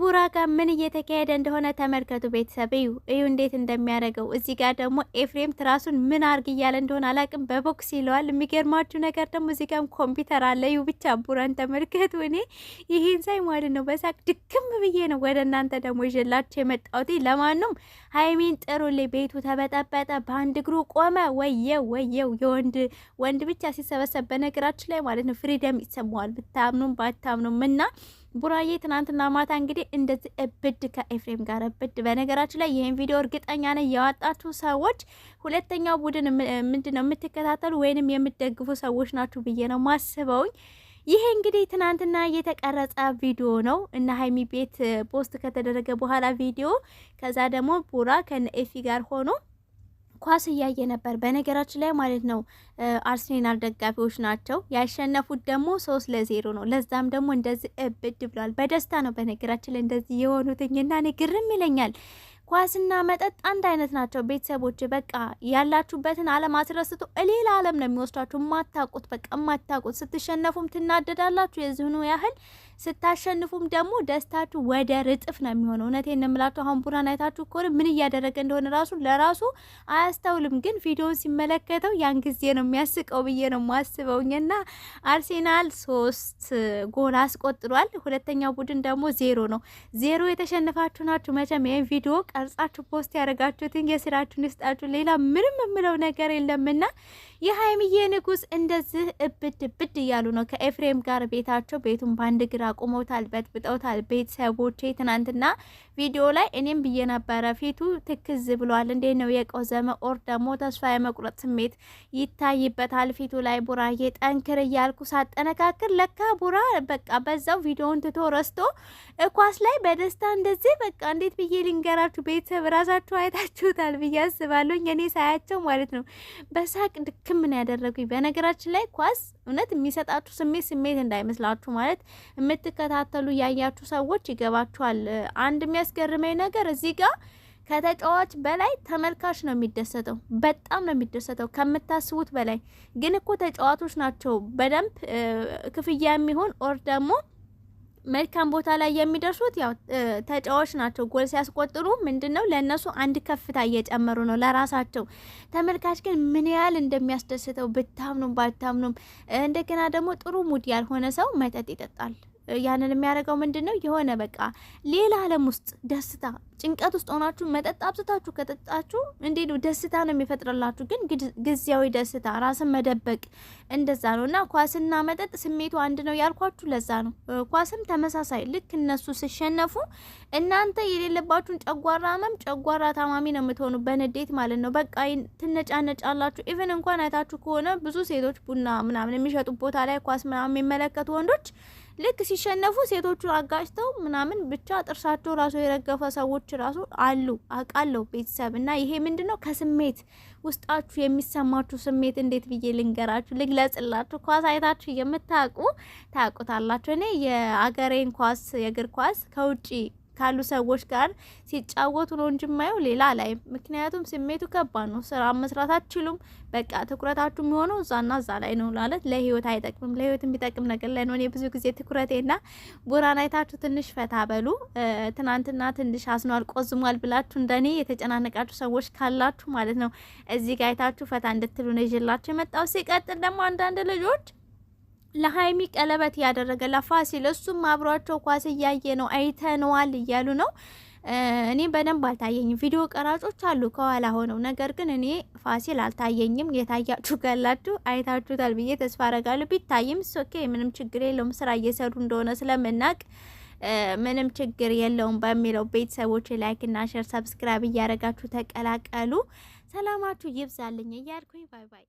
ቡራ ጋር ምን እየተካሄደ እንደሆነ ተመልከቱ ቤተሰብ እዩ እዩ እንዴት እንደሚያደርገው እዚህ ጋር ደግሞ ኤፍሬም ትራሱን ምን አርግ እያለ እንደሆነ አላቅም በቦክስ ይለዋል የሚገርማችሁ ነገር ደግሞ እዚህ ጋርም ኮምፒውተር አለ እዩ ብቻ ቡራን ተመልከቱ እኔ ይህን ሳይ ማለት ነው በሳቅ ድክም ብዬ ነው ወደ እናንተ ደግሞ ይዤላችሁ የመጣሁት ለማንም ሀይሚን ጥሩልኝ ቤቱ ተበጠበጠ በአንድ እግሩ ቆመ ወየው ወየው የወንድ ወንድ ብቻ ሲሰበሰብ በነገራችን ላይ ማለት ነው ፍሪደም ይሰማዋል ብታምኑም ባታምኑም እና ቡራዬ ትናንትና ማታ እንግዲህ እንደዚህ እብድ ከኤፍሬም ጋር እብድ። በነገራችን ላይ ይህን ቪዲዮ እርግጠኛ ነኝ ያወጣችሁ ሰዎች ሁለተኛው ቡድን ምንድን ነው የምትከታተሉ ወይንም የምትደግፉ ሰዎች ናችሁ ብዬ ነው ማስበውኝ። ይሄ እንግዲህ ትናንትና የተቀረጸ ቪዲዮ ነው እና ሀይሚ ቤት ፖስት ከተደረገ በኋላ ቪዲዮ ከዛ ደግሞ ቡራ ከነኤፊ ጋር ሆኖ ኳስ እያየ ነበር። በነገራችን ላይ ማለት ነው አርሴናል ደጋፊዎች ናቸው ያሸነፉት ደግሞ ሶስት ለዜሮ ነው። ለዛም ደግሞ እንደዚህ እብድ ብሏል። በደስታ ነው በነገራችን ላይ እንደዚህ የሆኑትኝና እኔ ግርም ይለኛል ኳስና መጠጥ አንድ አይነት ናቸው። ቤተሰቦች በቃ ያላችሁበትን ዓለም አስረስቶ ሌላ ዓለም ነው የሚወስዷችሁ። ማታቁት በቃ ማታቁት። ስትሸነፉም ትናደዳላችሁ የዚህኑ ያህል ስታሸንፉም ደግሞ ደስታችሁ ወደ ርጥፍ ነው የሚሆነው። እውነቴን ነው አሁን ቡራን አይታችሁ ከሆነ ምን እያደረገ እንደሆነ ራሱ ለራሱ አያስተውልም፣ ግን ቪዲዮን ሲመለከተው ያን ጊዜ ነው የሚያስቀው ብዬ ነው ማስበውኝ። አርሴናል ሶስት ጎል አስቆጥሯል። ሁለተኛው ቡድን ደግሞ ዜሮ ነው። ዜሮ የተሸነፋችሁ ናችሁ መቼም ይህን ቪዲዮ ቀርጻችሁ ፖስት ያደረጋችሁትን የስራችሁን ይስጣችሁ። ሌላ ምንም የምለው ነገር የለምና የሀይሚዬ ንጉስ እንደዚህ እብድ ብድ እያሉ ነው ከኤፍሬም ጋር ቤታቸው። ቤቱን በአንድ ግራ አቁመውታል፣ በጥብጠውታል። ቤተሰቦቼ ትናንትና ቪዲዮ ላይ እኔም ብዬ ነበረ ፊቱ ትክዝ ብሏል። እንዴት ነው የቆዘመ ኦር ደግሞ ተስፋ የመቁረጥ ስሜት ይታይበታል ፊቱ ላይ። ቡራዬ ጠንክር እያልኩ ሳጠነካክር ለካ ቡራ በቃ በዛው ቪዲዮውን ትቶ ረስቶ እኳስ ላይ በደስታ እንደዚህ በቃ እንዴት ብዬ ልንገራችሁ ቤተሰብ ራሳችሁ አይታችሁታል ብዬ አስባለሁ። እኔ ሳያቸው ማለት ነው በሳቅ ድክም ነው ያደረጉኝ። በነገራችን ላይ ኳስ እውነት የሚሰጣችሁ ስሜት ስሜት እንዳይመስላችሁ ማለት የምትከታተሉ ያያችሁ ሰዎች ይገባችኋል። አንድ የሚያስገርመኝ ነገር እዚህ ጋር ከተጫዋች በላይ ተመልካች ነው የሚደሰተው። በጣም ነው የሚደሰተው ከምታስቡት በላይ። ግን እኮ ተጫዋቾች ናቸው በደንብ ክፍያ የሚሆን ኦር ደግሞ መልካም ቦታ ላይ የሚደርሱት ያው ተጫዋች ናቸው። ጎል ሲያስቆጥሩ ምንድን ነው ለእነሱ አንድ ከፍታ እየጨመሩ ነው ለራሳቸው። ተመልካች ግን ምን ያህል እንደሚያስደስተው ብታምኑም ባታምኑም። እንደገና ደግሞ ጥሩ ሙድ ያልሆነ ሰው መጠጥ ይጠጣል። ያንን የሚያደርገው ምንድን ነው? የሆነ በቃ ሌላ ዓለም ውስጥ ደስታ ጭንቀት ውስጥ ሆናችሁ መጠጥ አብዝታችሁ ከጠጣችሁ እንዴ ነው ደስታ ነው የሚፈጥርላችሁ፣ ግን ጊዜያዊ ደስታ፣ ራስን መደበቅ እንደዛ ነው። እና ኳስና መጠጥ ስሜቱ አንድ ነው ያልኳችሁ ለዛ ነው። ኳስም ተመሳሳይ ልክ እነሱ ሲሸነፉ እናንተ የሌለባችሁን ጨጓራ ህመም፣ ጨጓራ ታማሚ ነው የምትሆኑ በንዴት ማለት ነው። በቃ ትነጫነጫላችሁ። ኢቨን እንኳን አይታችሁ ከሆነ ብዙ ሴቶች ቡና ምናምን የሚሸጡ ቦታ ላይ ኳስ ምናምን የሚመለከቱ ወንዶች ልክ ሲሸነፉ ሴቶቹ አጋጭተው ምናምን ብቻ ጥርሳቸው ራሱ የረገፈ ሰዎች ራሱ አሉ አውቃለሁ። ቤተሰብ እና ይሄ ምንድን ነው ከስሜት ውስጣችሁ የሚሰማችሁ ስሜት እንዴት ብዬ ልንገራችሁ ልግለጽላችሁ። ኳስ አይታችሁ የምታውቁ ታውቁታላችሁ። እኔ የአገሬን ኳስ የእግር ኳስ ከውጪ ካሉ ሰዎች ጋር ሲጫወቱ ነው እንጂ ማየው ሌላ ላይ። ምክንያቱም ስሜቱ ከባድ ነው። ስራ መስራት አትችሉም። በቃ ትኩረታችሁ የሚሆነው እዛና እዛ ላይ ነው። ማለት ለህይወት አይጠቅምም። ለህይወት የሚጠቅም ነገር ላይ ነው እኔ ብዙ ጊዜ ትኩረቴና። ቡራን አይታችሁ ትንሽ ፈታ በሉ። ትናንትና ትንሽ አዝኗል ቆዝሟል ብላችሁ እንደኔ የተጨናነቃችሁ ሰዎች ካላችሁ ማለት ነው እዚህ ጋር አይታችሁ ፈታ እንድትሉ ነው ይዤላችሁ የመጣው። ሲቀጥል ደግሞ አንዳንድ ልጆች ለሀይሚ ቀለበት ያደረገ ለፋሲል እሱም አብሯቸው ኳስ እያየ ነው አይተነዋል እያሉ ነው። እኔ በደንብ አልታየኝም። ቪዲዮ ቀራጮች አሉ ከኋላ ሆነው፣ ነገር ግን እኔ ፋሲል አልታየኝም። የታያችሁ ካላችሁ አይታችሁታል ብዬ ተስፋ አረጋለሁ። ቢታይም ሶኬ ምንም ችግር የለውም ስራ እየሰሩ እንደሆነ ስለምናቅ ምንም ችግር የለውም በሚለው ቤተሰቦች ላይክ ላይክና ሸር ሰብስክራይብ እያረጋችሁ ተቀላቀሉ። ሰላማችሁ ይብዛልኝ እያልኩኝ ባይ ባይ።